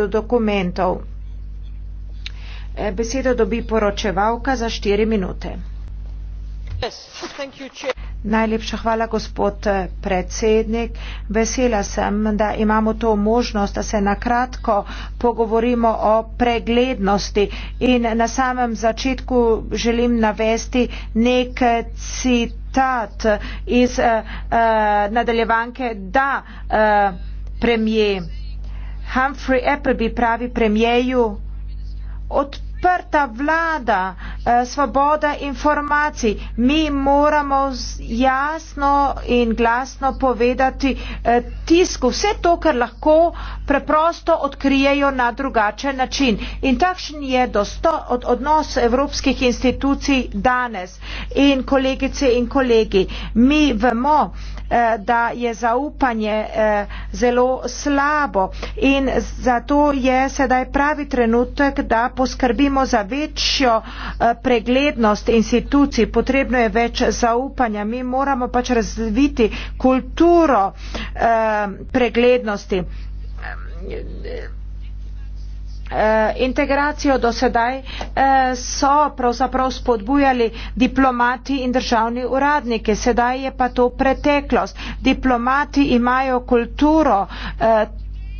do dokumentov. E, besedo dobi poročevalka za štiri minute. Najlepša hvala, gospod e, predsednik. Vesela sem, da imamo to možnost, da se nakratko pogovorimo o preglednosti. In na samem začetku želim navesti nek citat iz uh, uh, nadaljevanke, da uh, premijer. Humphrey Appleby pravi premijeju, odprta vlada, eh, svoboda informacij, mi moramo jasno in glasno povedati eh, tisku vse to, kar lahko preprosto odkrijejo na drugačen način. In takšen je dosto, od, odnos evropskih institucij danes. In kolegice in kolegi, mi vemo, eh, da je zaupanje eh, zelo slabo in zato je sedaj pravi trenutek, da poskrbimo za večjo preglednost institucij. Potrebno je več zaupanja. Mi moramo pač razviti kulturo eh, preglednosti. Eh, integracijo do sedaj eh, so pravzaprav spodbujali diplomati in državni uradniki, sedaj je pa to preteklost. Diplomati imajo kulturo eh,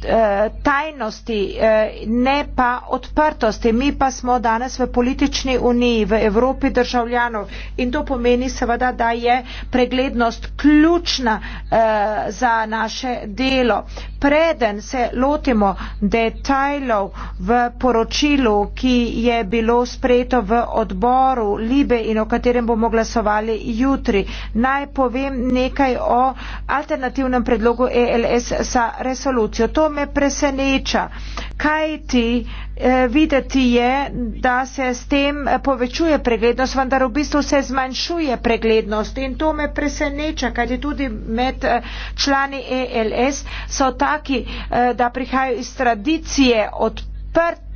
Eh, tajnosti, eh, ne pa odprtosti. Mi pa smo danes v politični uniji, v Evropi državljanov in to pomeni seveda, da je preglednost ključna eh, za naše delo. Preden se lotimo detajlov v poročilu, ki je bilo sprejeto v odboru Libe in o katerem bomo glasovali jutri, naj povem nekaj o alternativnem predlogu ELS za resolucijo. To me preseneča, kajti eh, videti je, da se s tem eh, povečuje preglednost, vendar v bistvu se zmanjšuje preglednost in to me preseneča, kajti tudi med eh, člani ELS so taki, da prihajajo iz tradicije odprtega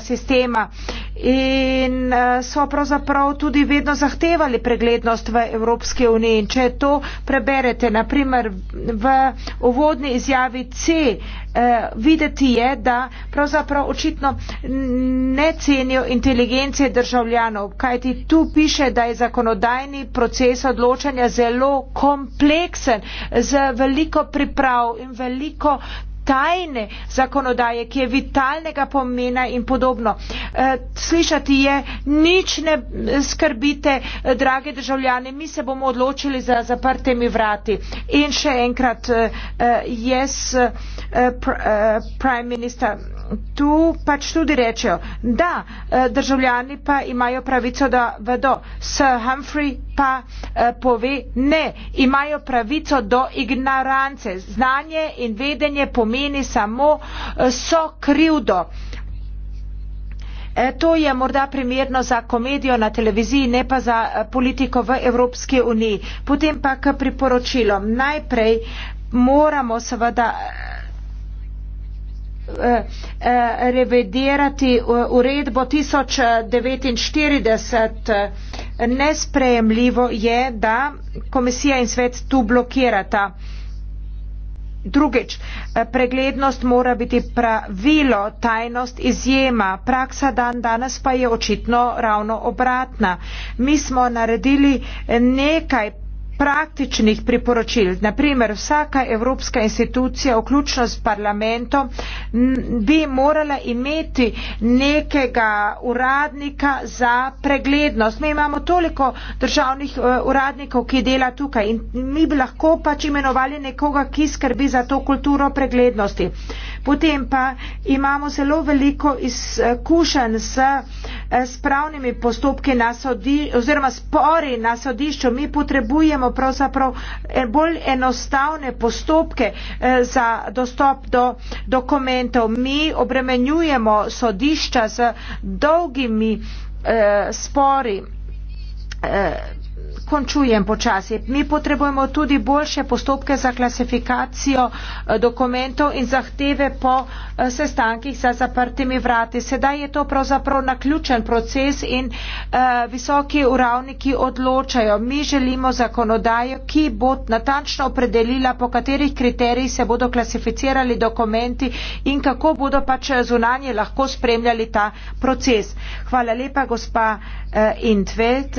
sistema, in eh, so pravzaprav tudi vedno zahtevali preglednost v Evropske unije. In če to preberete, naprimer v uvodni izjavi C, eh, videti je, da pravzaprav očitno ne cenijo inteligencije državljanov, kajti tu piše, da je zakonodajni proces odločanja zelo kompleksen, z veliko priprav in veliko tajne zakonodaje, ki je vitalnega pomena in podobno. Eh, slišati je, nič ne skrbite, eh, drage državljane, mi se bomo odločili za zaprtimi vrati. In še enkrat, eh, jaz, prime minister, tu pač tudi rečejo, da eh, državljani pa imajo pravico, da vedo. Sir Humphrey pa eh, pove, ne, imajo pravico do ignorance. Znanje in vedenje pomeni samo eh, so krivdo. E, to je morda primerno za komedijo na televiziji, ne pa za politiko v Evropski uniji. Potem pa k priporočilom. Najprej moramo seveda Eh, eh, revidirati eh, uredbo 1049. Nesprejemljivo je, da komisija in svet tu blokirata. Drugič, preglednost mora biti pravilo, tajnost izjema. Praksa dan danes pa je očitno ravno obratna. Mi smo naredili nekaj praktičnih priporočil. Naprimer, vsaka evropska institucija, vključno s parlamentom, bi morala imeti nekega uradnika za preglednost. Mi imamo toliko državnih eh, uradnikov, ki dela tukaj in mi bi lahko pač imenovali nekoga, ki skrbi za to kulturo preglednosti. Potem pa imamo zelo veliko izkušenj s, eh, s pravnimi postopki na sodišču oziroma spori na sodišču. Mi potrebujemo pravzaprav eh, bolj enostavne postopke eh, za dostop do dokumentov. Mi obremenjujemo sodišča z dolgimi eh, spori. Eh, končujem počasi. Mi potrebujemo tudi boljše postopke za klasifikacijo eh, dokumentov in zahteve po eh, sestankih za zaprtimi vrati. Sedaj je to pravzaprav naključen proces in eh, visoki uravniki odločajo. Mi želimo zakonodajo, ki bo natančno opredelila, po katerih kriterijih se bodo klasificirali dokumenti in kako bodo pač zunanje lahko spremljali ta proces. Hvala lepa, gospa Intvet.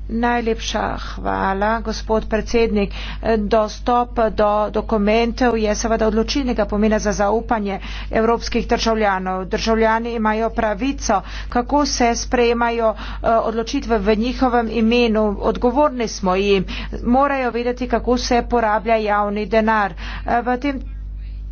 Najlepša hvala, gospod predsednik. Dostop do dokumentov je seveda odločilnega pomena za zaupanje evropskih državljanov. Državljani imajo pravico, kako se sprejemajo eh, odločitve v njihovem imenu. Odgovorni smo jim. Morajo vedeti, kako se porablja javni denar. Eh, v tem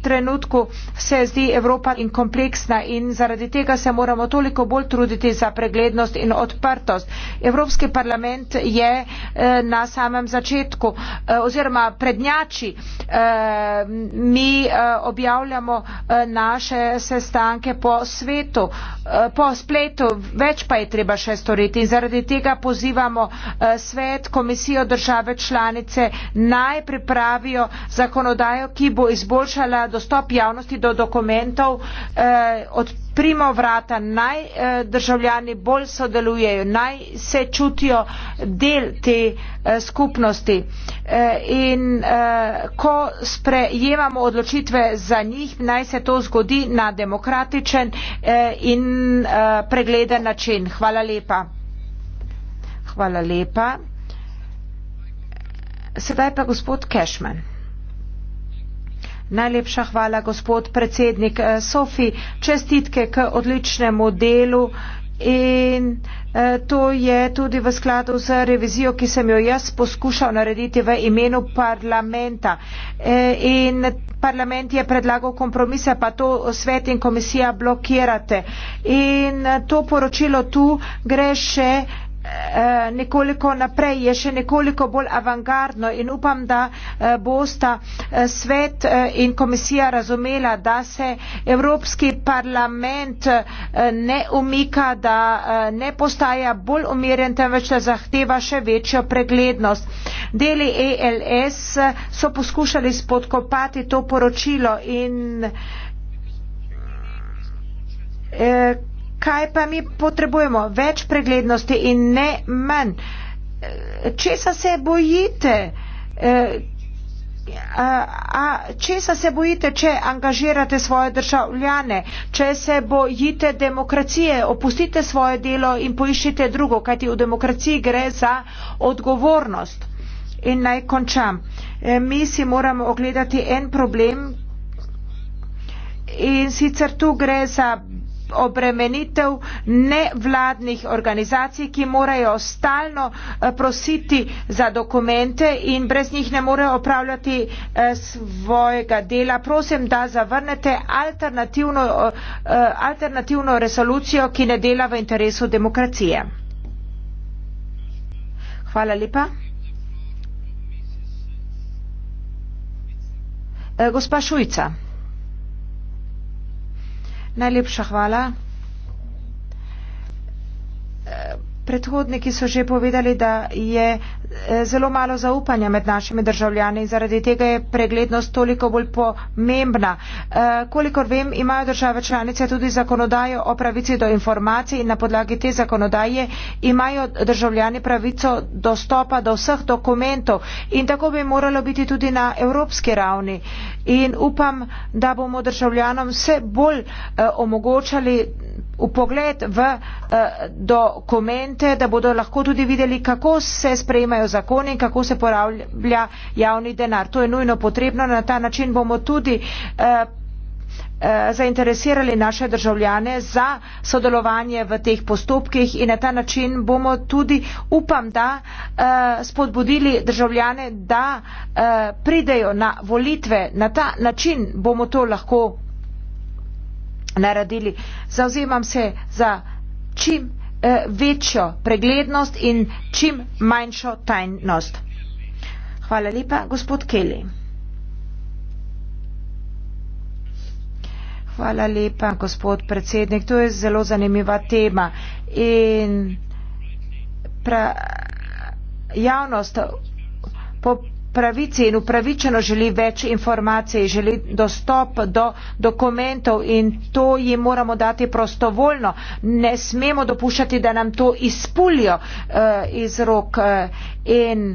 trenutku se zdi Evropa in kompleksna in zaradi tega se moramo toliko bolj truditi za preglednost in odprtost. Evropski parlament je eh, na samem začetku eh, oziroma prednjači. Eh, mi objavljamo naše sestanke po svetu, po spletu, več pa je treba še storiti in zaradi tega pozivamo svet, komisijo države članice naj pripravijo zakonodajo, ki bo izboljšala dostop javnosti do dokumentov eh, odprimo vrata, naj eh, državljani bolj sodelujejo, naj se čutijo del te eh, skupnosti. Eh, in eh, ko sprejemamo odločitve za njih, naj se to zgodi na demokratičen eh, in eh, pregleden način. Hvala lepa. Hvala lepa. Sedaj pa gospod Kešman. Najlepša hvala, gospod predsednik eh, Sofi. Čestitke k odličnemu delu in eh, to je tudi v skladu z revizijo, ki sem jo jaz poskušal narediti v imenu parlamenta. Eh, in parlament je predlagal kompromise, pa to svet in komisija blokirate. In to poročilo tu gre še Eh, nekoliko naprej, je še nekoliko bolj avangardno in upam, da eh, bosta eh, svet in komisija razumela, da se Evropski parlament ne umika, da ne postaja bolj umiren, temveč da zahteva še večjo preglednost. Deli ELS so poskušali spodkopati to poročilo in kaj pa mi potrebujemo? Več preglednosti in ne manj. Česa se bojite? E, a če se bojite, če angažirate svoje državljane, če se bojite demokracije, opustite svoje delo in poiščite drugo, kajti v demokraciji gre za odgovornost. In naj končam. E, mi si moramo ogledati en problem in sicer tu gre za obremenitev nevladnih organizacij, ki morajo stalno eh, prositi za dokumente in brez njih ne morejo opravljati eh, svojega dela. Prosim, da zavrnete alternativno, eh, alternativno resolucijo, ki ne dela v interesu demokracije. Hvala lepa. Gospa Šujca. Najlepša hvala. predhodniki so že povedali, da je e, zelo malo zaupanja med našimi državljani in zaradi tega je preglednost toliko bolj pomembna. E, kolikor vem, imajo države članice tudi zakonodajo o pravici do informacij in na podlagi te zakonodaje imajo državljani pravico dostopa do vseh dokumentov in tako bi moralo biti tudi na evropski ravni. In upam, da bomo državljanom vse bolj e, omogočali upogled v uh, dokumente, da bodo lahko tudi videli, kako se sprejemajo zakoni in kako se porablja javni denar. To je nujno potrebno. Na ta način bomo tudi. Uh, zainteresirali naše državljane za sodelovanje v teh postopkih in na ta način bomo tudi, upam, da spodbudili državljane, da pridejo na volitve. Na ta način bomo to lahko naredili. Zauzemam se za čim eh, večjo preglednost in čim manjšo tajnost. Hvala lepa, gospod Kelly. Hvala lepa, gospod predsednik. To je zelo zanimiva tema. In pra, javnost po pravici in upravičeno želi več informacij, želi dostop do dokumentov in to jim moramo dati prostovoljno. Ne smemo dopuščati, da nam to izpulijo uh, iz rok uh, in.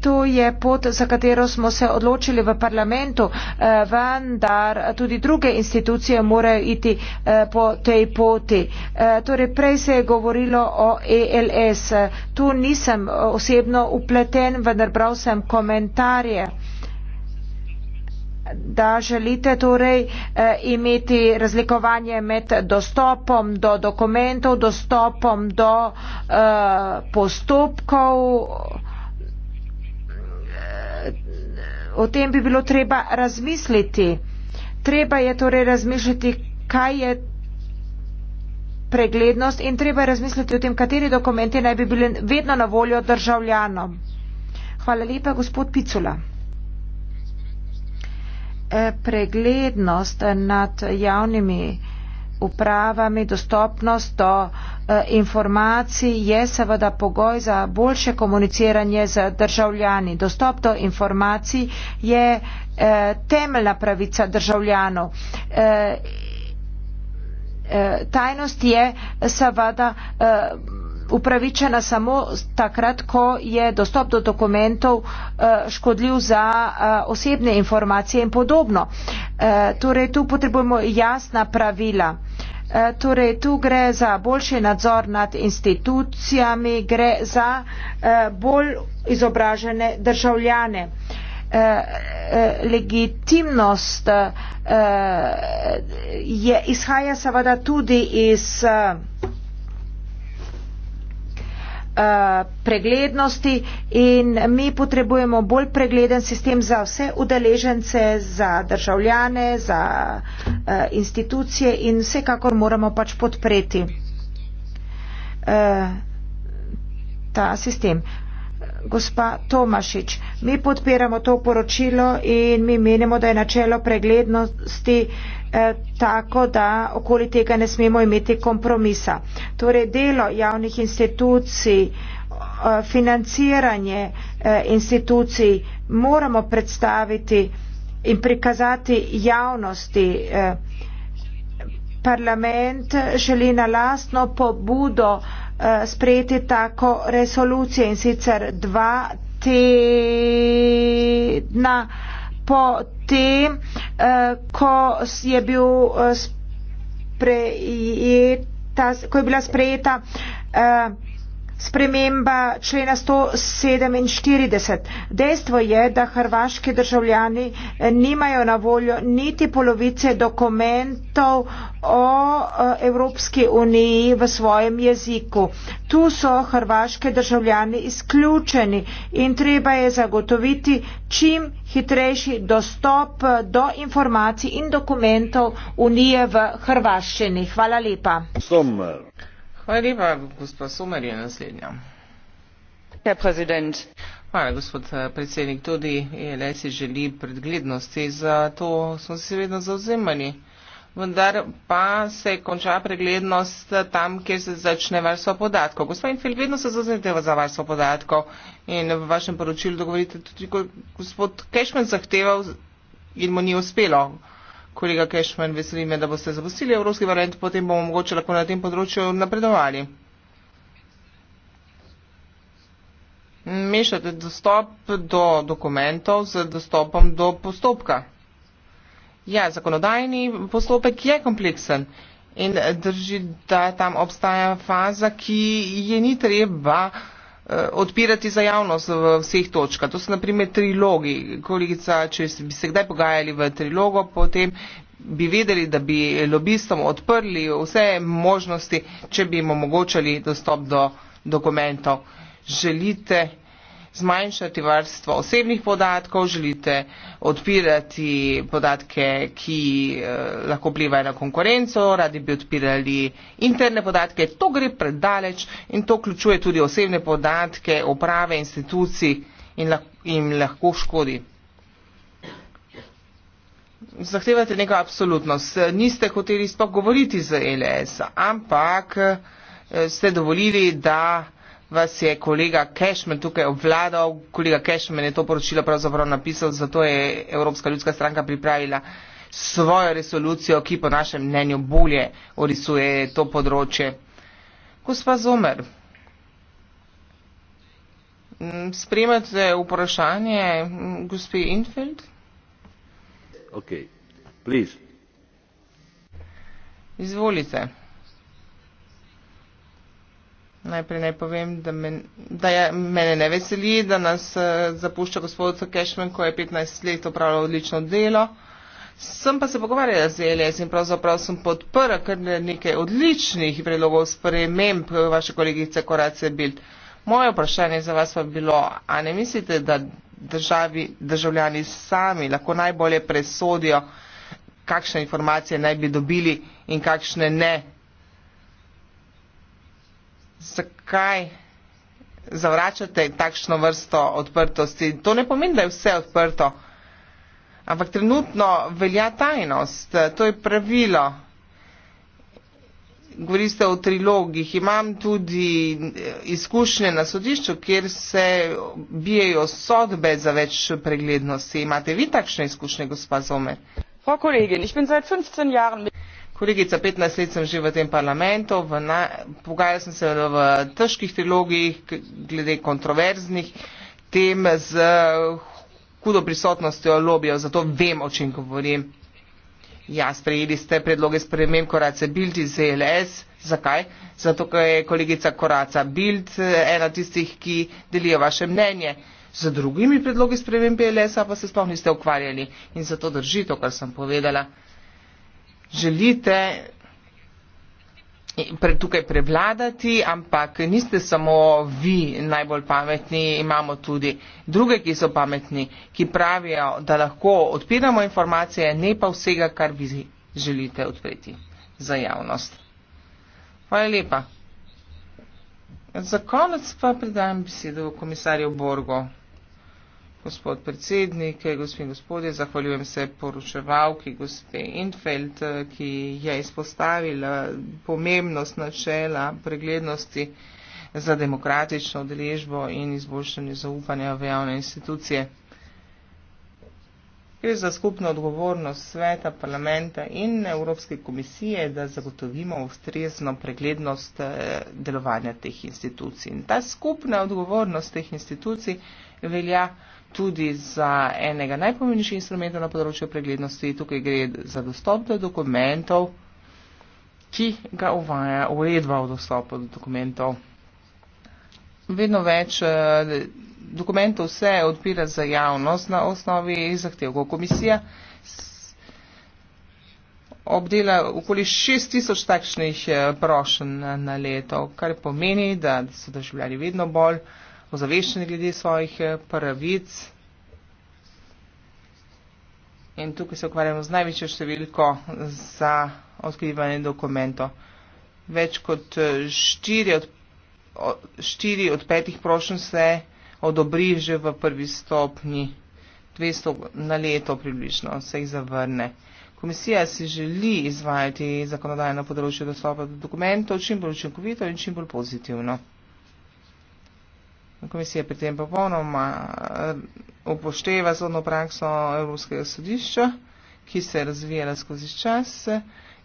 To je pot, za katero smo se odločili v parlamentu, eh, vendar tudi druge institucije morajo iti eh, po tej poti. Eh, torej, prej se je govorilo o ELS. Tu nisem osebno upleten, vendar bral sem komentarje da želite torej eh, imeti razlikovanje med dostopom do dokumentov, dostopom do eh, postopkov. o tem bi bilo treba razmisliti. Treba je torej razmišljati, kaj je preglednost in treba je razmisliti o tem, kateri dokumenti naj bi bili vedno na voljo državljanom. Hvala lepa, gospod Picula. E, preglednost nad javnimi upravami dostopnost do eh, informacij je seveda pogoj za boljše komuniciranje z državljani. Dostop do informacij je eh, temeljna pravica državljanov. Eh, tajnost je seveda upravičena samo takrat, ko je dostop do dokumentov eh, škodljiv za eh, osebne informacije in podobno. Eh, torej, tu potrebujemo jasna pravila. Torej, tu gre za boljši nadzor nad institucijami, gre za bolj izobražene državljane. Legitimnost je, izhaja seveda tudi iz Eh, preglednosti in mi potrebujemo bolj pregleden sistem za vse udeležence, za državljane, za eh, institucije in vsekakor moramo pač podpreti eh, ta sistem. Gospa Tomašič, mi podpiramo to poročilo in mi menimo, da je načelo preglednosti Eh, tako da okoli tega ne smemo imeti kompromisa. Torej delo javnih institucij, eh, financiranje eh, institucij moramo predstaviti in prikazati javnosti. Parlament želi na lastno pobudo sprejeti tako resolucije in sicer dva tedna po tem, eh, ko je, bil eh, sprejeta, ko je bila sprejeta eh, sprememba člena 147. Dejstvo je, da hrvaški državljani eh, nimajo na voljo niti polovice dokumentov o eh, Evropski uniji v svojem jeziku. Tu so hrvaški državljani izključeni in treba je zagotoviti čim hitrejši dostop eh, do informacij in dokumentov unije v hrvaščini. Hvala lepa. Somer. Hvala, gospod eh, predsednik. Tudi ELS si želi predglednosti, zato smo se vedno zauzemali. Vendar pa se konča preglednost eh, tam, kjer se začne varstvo podatkov. Gospod Infil, vedno se zauzemite za varstvo podatkov in v vašem poročilu dogovorite tudi, ko je gospod Kešman zahteval in mu ni uspelo. Kolega Kešman, veseli me, da boste zapustili Evropski parlament, potem bomo mogoče lahko na tem področju napredovali. Mešate dostop do dokumentov z dostopom do postopka. Ja, zakonodajni postopek je kompleksen in drži, da tam obstaja faza, ki je ni treba. Eh, odpirati za javnost v vseh točkah. To so naprimer trilogi. Kolegica, če bi se kdaj pogajali v trilogo, potem bi vedeli, da bi lobistom odprli vse možnosti, če bi jim omogočali dostop do dokumentov. Želite zmanjšati varstvo osebnih podatkov, želite odpirati podatke, ki eh, lahko vplivajo na konkurenco, radi bi odpirali interne podatke. To gre predaleč in to vključuje tudi osebne podatke uprave institucij in jim lahko škodi. Zahtevate neko absolutnost. Niste hoteli spogovoriti z LS, ampak eh, ste dovolili, da vas je kolega Cashman tukaj obvladal. Kolega Cashman je to poročilo pravzaprav napisal, zato je Evropska ljudska stranka pripravila svojo resolucijo, ki po našem mnenju bolje orisuje to področje. Gospa Zomer, spremate vprašanje gospe Infeld? Ok, prosim. Izvolite. Najprej naj povem, da, men, da je, mene ne veseli, da nas uh, zapušča gospod Cashman, ko je 15 let opravljal odlično delo. Sem pa se pogovarjala z LS in pravzaprav sem podprla kar nekaj odličnih predlogov sprememb eh, vaše kolegice Koracije Bild. Moje vprašanje za vas pa bilo, a ne mislite, da državi, državljani sami lahko najbolje presodijo, kakšne informacije naj bi dobili in kakšne ne, zakaj zavračate takšno vrsto odprtosti. To ne pomeni, da je vse odprto, ampak trenutno velja tajnost, to je pravilo. Govorite o trilogih. Imam tudi eh, izkušnje na sodišču, kjer se bijejo sodbe za več preglednosti. Imate vi takšne izkušnje, gospa Zome? Frau Kollegin, ich bin seit 15 Jahren mit. Kolegica, 15 let sem že v tem parlamentu, pogajal sem se v težkih trilogih, glede kontroverznih tem z hudo prisotnostjo lobijev, zato vem, o čem govorim. Ja, sprejeli ste predloge spremem Koraca Bild iz ZLS. Zakaj? Zato, ker je kolegica Koraca Bild eh, ena tistih, ki delijo vaše mnenje. Z drugimi predlogi spremem BLS-a pa se sploh niste ukvarjali. In zato drži to, kar sem povedala želite tukaj prevladati, ampak niste samo vi najbolj pametni, imamo tudi druge, ki so pametni, ki pravijo, da lahko odpiramo informacije, ne pa vsega, kar vi želite odpreti za javnost. Hvala lepa. Za konec pa predajam besedo komisarju Borgo gospod predsednik, gospod in gospodje, zahvaljujem se poročevalki gospe Infeld, ki je izpostavila pomembnost načela preglednosti za demokratično odrežbo in izboljšanje zaupanja v javne institucije. Gre za skupno odgovornost sveta, parlamenta in Evropske komisije, da zagotovimo ustrezno preglednost eh, delovanja teh institucij. In ta skupna odgovornost teh institucij velja tudi za enega najpomembnejših instrumentov na področju preglednosti. Tukaj gre za dostop do dokumentov, ki ga uvaja uredba o dostopu do dokumentov. Vedno več eh, dokumentov se odpira za javnost na osnovi zahtevkov komisije. Obdela okoli 6000 takšnih eh, prošenj na leto, kar pomeni, da so državljani vedno bolj uh, ozaveščeni glede svojih eh, pravic. In tukaj se ukvarjamo z največjo številko za odkrivanje dokumentov. Več kot eh, štiri od, štiri od petih prošen se odobri že v prvi stopni, 200 na leto približno se jih zavrne. Komisija si želi izvajati zakonodajno področje dostopa do dokumentov čim bolj učinkovito in čim bolj pozitivno. Komisija pri tem popolnoma eh, upošteva sodno prakso Evropskega sodišča, ki se je razvijala skozi čas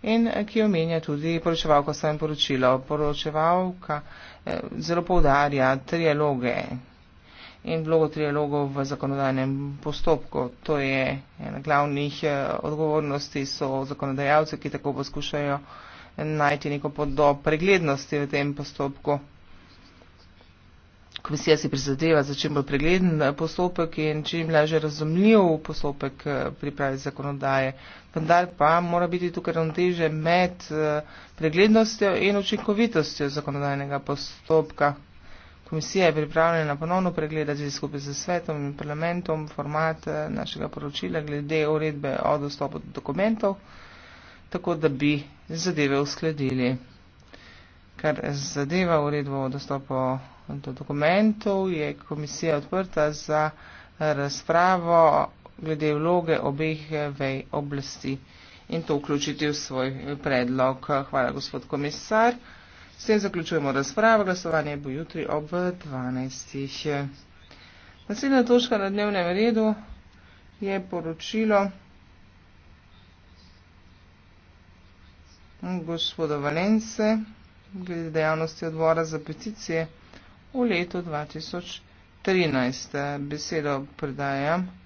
in eh, ki omenja tudi poročevalko svojem poročilo. Poročevalka eh, zelo povdarja trialoge in vlogo trialogov v zakonodajnem postopku. To je ena glavnih odgovornosti so zakonodajalce, ki tako poskušajo najti neko podob preglednosti v tem postopku. Komisija si prizadeva za čim bolj pregleden eh, postopek in čim lažje razumljiv postopek eh, priprave zakonodaje. Vendar pa mora biti tukaj ravnoteže med eh, preglednostjo in učinkovitostjo zakonodajnega postopka. Komisija je pripravljena ponovno pregledati skupaj z svetom in parlamentom format našega poročila glede uredbe o dostopu do dokumentov, tako da bi zadeve uskladili. Kar zadeva uredbo o dostopu do dokumentov, je komisija odprta za razpravo glede vloge obeh vej oblasti in to vključiti v svoj predlog. Hvala, gospod komisar. S tem zaključujemo razpravo. Glasovanje bo jutri ob 12. Naslednja točka na dnevnem redu je poročilo gospoda Valence glede dejavnosti odbora za peticije v letu 2013. Besedo predajam.